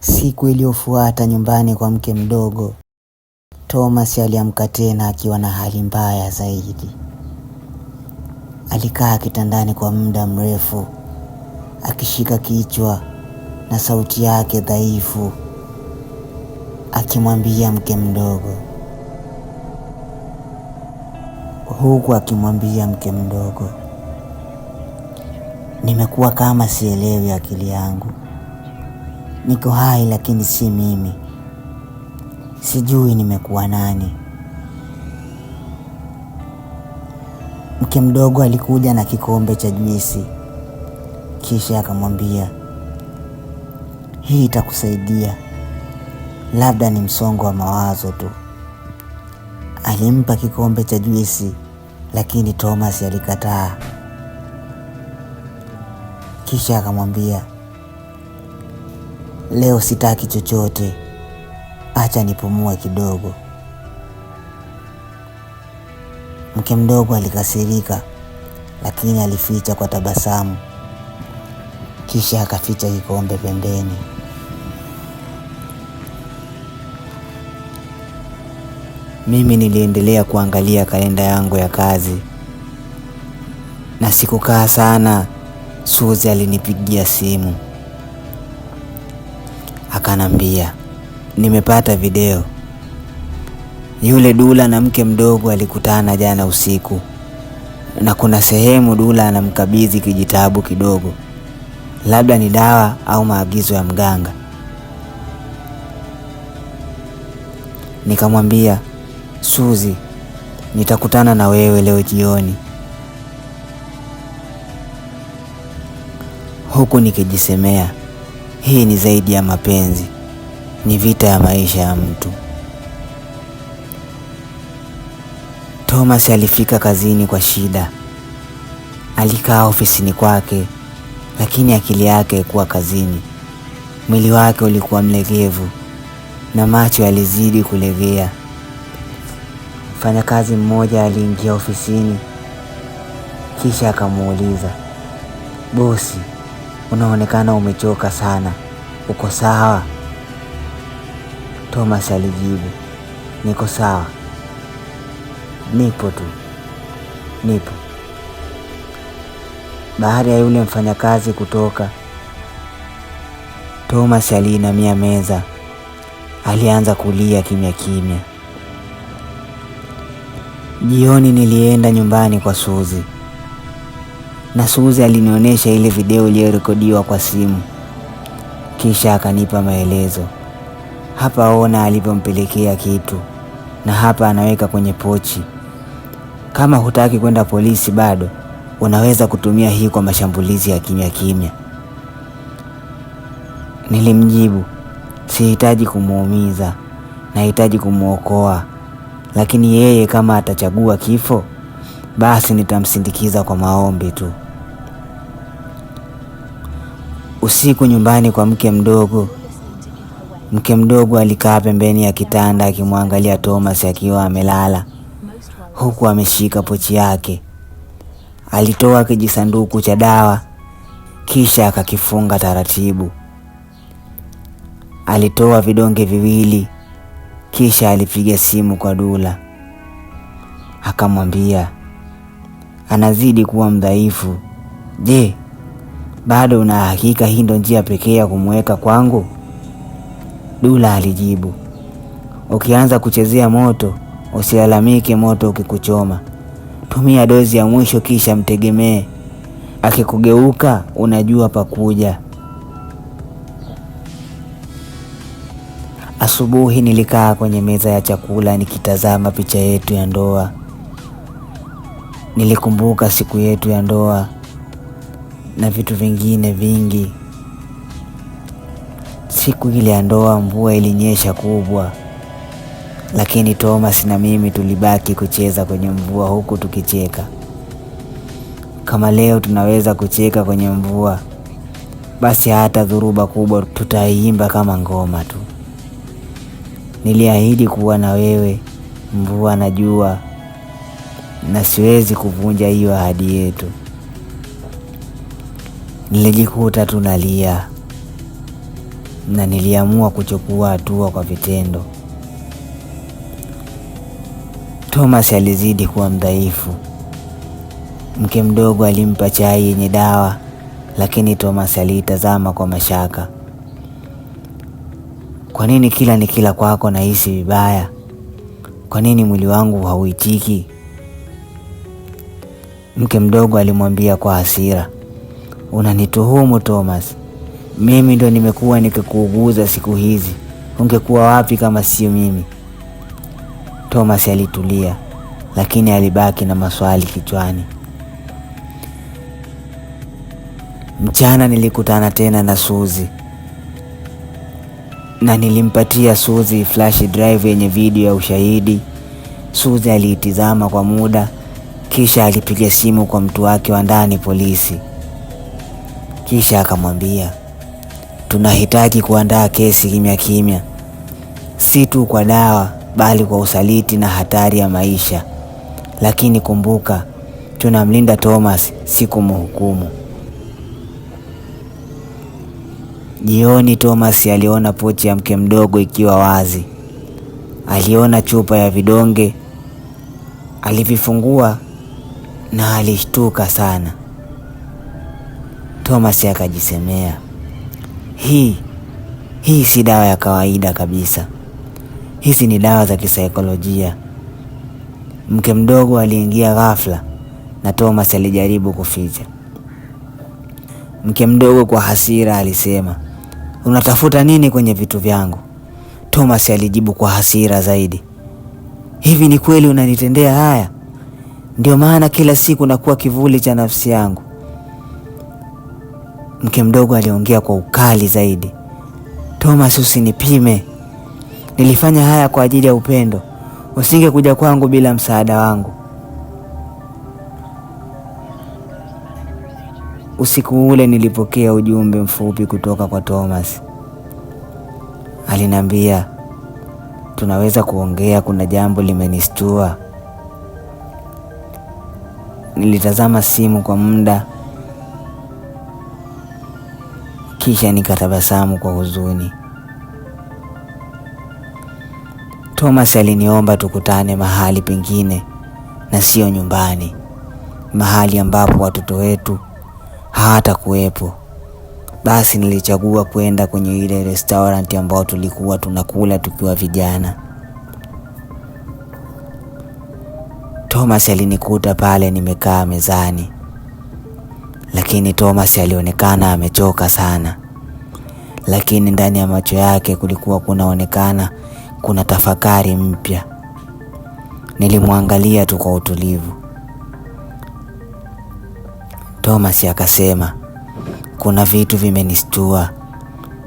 Siku iliyofuata nyumbani kwa mke mdogo, Thomas aliamka tena akiwa na hali mbaya zaidi. Alikaa kitandani kwa muda mrefu akishika kichwa na sauti yake dhaifu akimwambia mke mdogo, huku akimwambia mke mdogo, nimekuwa kama sielewi akili yangu niko hai lakini si mimi, sijui nimekuwa nani. Mke mdogo alikuja na kikombe cha juisi, kisha akamwambia, hii itakusaidia, labda ni msongo wa mawazo tu. Alimpa kikombe cha juisi, lakini Thomas alikataa, kisha akamwambia Leo sitaki chochote, acha nipumue kidogo. Mke mdogo alikasirika, lakini alificha kwa tabasamu, kisha akaficha kikombe pembeni. Mimi niliendelea kuangalia kalenda yangu ya kazi na sikukaa sana, Suzi alinipigia simu akanambia, nimepata video. Yule Dula na mke mdogo alikutana jana usiku, na kuna sehemu Dula anamkabidhi kijitabu kidogo, labda ni dawa au maagizo ya mganga. Nikamwambia, Suzi, nitakutana na wewe leo jioni, huku nikijisemea hii ni zaidi ya mapenzi, ni vita ya maisha ya mtu. Thomas alifika kazini kwa shida. Alikaa ofisini kwake, lakini akili yake haikuwa kazini. Mwili wake ulikuwa mlegevu na macho yalizidi kulegea. Mfanyakazi mmoja aliingia ofisini, kisha akamuuliza bosi unaonekana umechoka sana, uko sawa? Thomas alijibu, niko sawa, nipo tu, nipo. Baada ya yule mfanyakazi kutoka, Thomas aliinamia meza, alianza kulia kimya kimya. Jioni nilienda nyumbani kwa Suzi na Suzi alinionyesha ile video iliyorekodiwa kwa simu, kisha akanipa maelezo. Hapa ona alivyompelekea kitu, na hapa anaweka kwenye pochi. Kama hutaki kwenda polisi bado unaweza kutumia hii kwa mashambulizi ya kimya kimya. Nilimjibu, sihitaji kumuumiza, nahitaji kumwokoa, lakini yeye kama atachagua kifo, basi nitamsindikiza kwa maombi tu. Usiku nyumbani kwa mke mdogo. Mke mdogo alikaa pembeni ya kitanda akimwangalia Thomas akiwa amelala huku ameshika pochi yake. Alitoa kijisanduku cha dawa kisha akakifunga taratibu. Alitoa vidonge viwili kisha alipiga simu kwa Dula. Akamwambia anazidi kuwa mdhaifu. Je, bado una hakika hii ndo njia pekee ya kumweka kwangu? Dula alijibu, ukianza kuchezea moto usilalamike moto ukikuchoma. Tumia dozi ya mwisho kisha mtegemee. Akikugeuka unajua pakuja. Asubuhi nilikaa kwenye meza ya chakula nikitazama picha yetu ya ndoa. Nilikumbuka siku yetu ya ndoa na vitu vingine vingi. Siku ile ya ndoa mvua ilinyesha kubwa, lakini Thomas na mimi tulibaki kucheza kwenye mvua huku tukicheka. Kama leo tunaweza kucheka kwenye mvua, basi hata dhuruba kubwa tutaimba kama ngoma tu. Niliahidi kuwa na wewe, mvua na jua, na siwezi kuvunja hiyo ahadi yetu nilijikuta tu nalia na niliamua kuchukua hatua kwa vitendo. Thomas alizidi kuwa mdhaifu. Mke mdogo alimpa chai yenye dawa, lakini Thomas aliitazama kwa mashaka. Kwa nini kila ni kila kwako nahisi vibaya? Kwa nini mwili wangu hauitiki? Mke mdogo alimwambia kwa hasira. Unanituhumu Thomas, mimi ndo nimekuwa nikikuuguza siku hizi. Ungekuwa wapi kama sio mimi? Thomas alitulia, lakini alibaki na maswali kichwani. Mchana nilikutana tena na Suzi na nilimpatia Suzi flash drive yenye video ya ushahidi. Suzi aliitizama kwa muda, kisha alipiga simu kwa mtu wake wa ndani, polisi. Kisha akamwambia tunahitaji kuandaa kesi kimya kimya, si tu kwa dawa, bali kwa usaliti na hatari ya maisha. Lakini kumbuka, tunamlinda Thomas, si kumhukumu. Jioni Thomas aliona pochi ya mke mdogo ikiwa wazi. Aliona chupa ya vidonge, alivifungua na alishtuka sana. Thomas akajisemea, hii hii si dawa ya kawaida kabisa, hizi ni dawa za kisaikolojia. Mke mdogo aliingia ghafla na Thomas alijaribu kuficha. Mke mdogo kwa hasira alisema, unatafuta nini kwenye vitu vyangu? Thomas alijibu kwa hasira zaidi, hivi ni kweli unanitendea haya? Ndio maana kila siku nakuwa kivuli cha nafsi yangu. Mke mdogo aliongea kwa ukali zaidi. Thomas, usinipime. Nilifanya haya kwa ajili ya upendo. Usingekuja kwangu bila msaada wangu. Usiku ule nilipokea ujumbe mfupi kutoka kwa Thomas. Aliniambia, tunaweza kuongea, kuna jambo limenistua. Nilitazama simu kwa muda kisha nikatabasamu kwa huzuni. Thomas aliniomba tukutane mahali pengine na sio nyumbani, mahali ambapo watoto wetu hawatakuwepo. Basi nilichagua kwenda kwenye ile restaurant ambayo tulikuwa tunakula tukiwa vijana. Thomas alinikuta pale nimekaa mezani lakini Thomas alionekana amechoka sana, lakini ndani ya macho yake kulikuwa kunaonekana kuna tafakari mpya. Nilimwangalia tu kwa utulivu. Thomas akasema, kuna vitu vimenistua.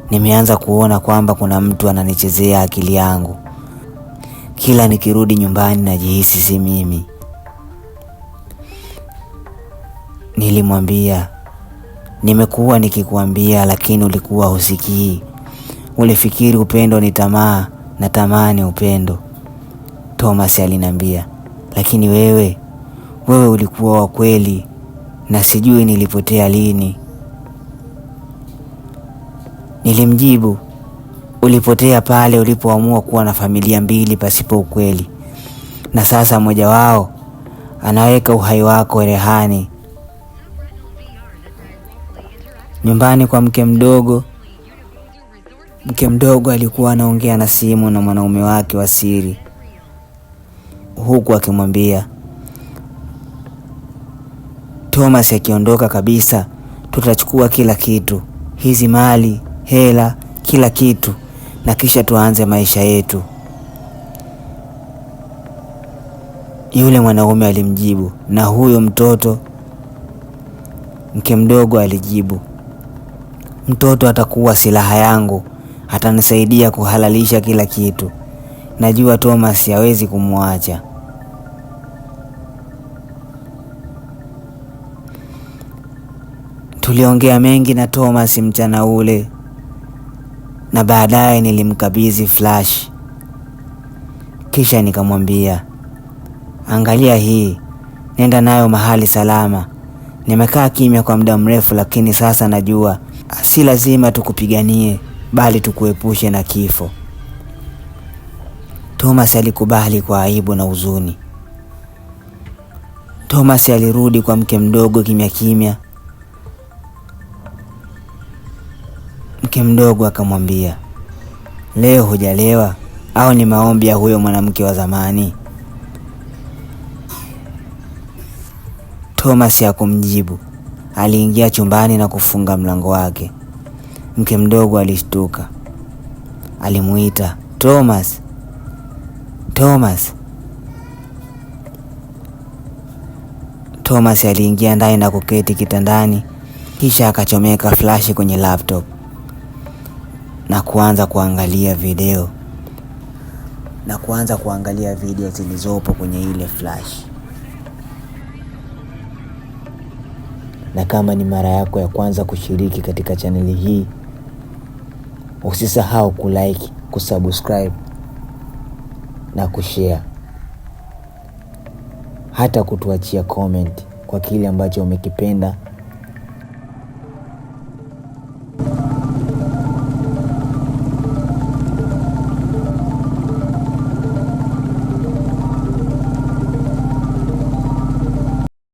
Nimeanza kuona kwamba kuna mtu ananichezea akili yangu. Kila nikirudi nyumbani najihisi si mimi. Nilimwambia, nimekuwa nikikuambia, lakini ulikuwa husikii. Ulifikiri upendo ni tamaa na tamaa ni upendo. Thomas aliniambia, lakini wewe, wewe ulikuwa wa kweli na sijui nilipotea lini. Nilimjibu, ulipotea pale ulipoamua kuwa na familia mbili pasipo ukweli, na sasa mmoja wao anaweka uhai wako rehani nyumbani kwa mke mdogo. Mke mdogo alikuwa anaongea na simu na mwanaume wake wa siri, huku akimwambia Thomas, akiondoka kabisa, tutachukua kila kitu, hizi mali, hela, kila kitu, na kisha tuanze maisha yetu. Yule mwanaume alimjibu, na huyo mtoto? Mke mdogo alijibu Mtoto atakuwa silaha yangu, atanisaidia kuhalalisha kila kitu. Najua Thomas hawezi kumwacha. Tuliongea mengi na Thomas mchana ule, na baadaye nilimkabidhi flash, kisha nikamwambia, angalia hii, nenda nayo mahali salama. Nimekaa kimya kwa muda mrefu, lakini sasa najua si lazima tukupiganie, bali tukuepushe na kifo. Thomas alikubali kwa aibu na huzuni. Thomas alirudi kwa mke mdogo kimya kimya. Mke mdogo akamwambia, leo hujalewa au ni maombi ya huyo mwanamke wa zamani? Thomas hakumjibu. Aliingia chumbani na kufunga mlango wake. Mke mdogo alishtuka. Alimuita Thomas, Thomas. Thomas aliingia ndani na kuketi kitandani, kisha akachomeka flashi kwenye laptop na kuanza kuangalia video na kuanza kuangalia video zilizopo kwenye ile flash. na kama ni mara yako ya kwanza kushiriki katika chaneli hii, usisahau kulike, kusubscribe na kushare, hata kutuachia comment kwa kile ambacho umekipenda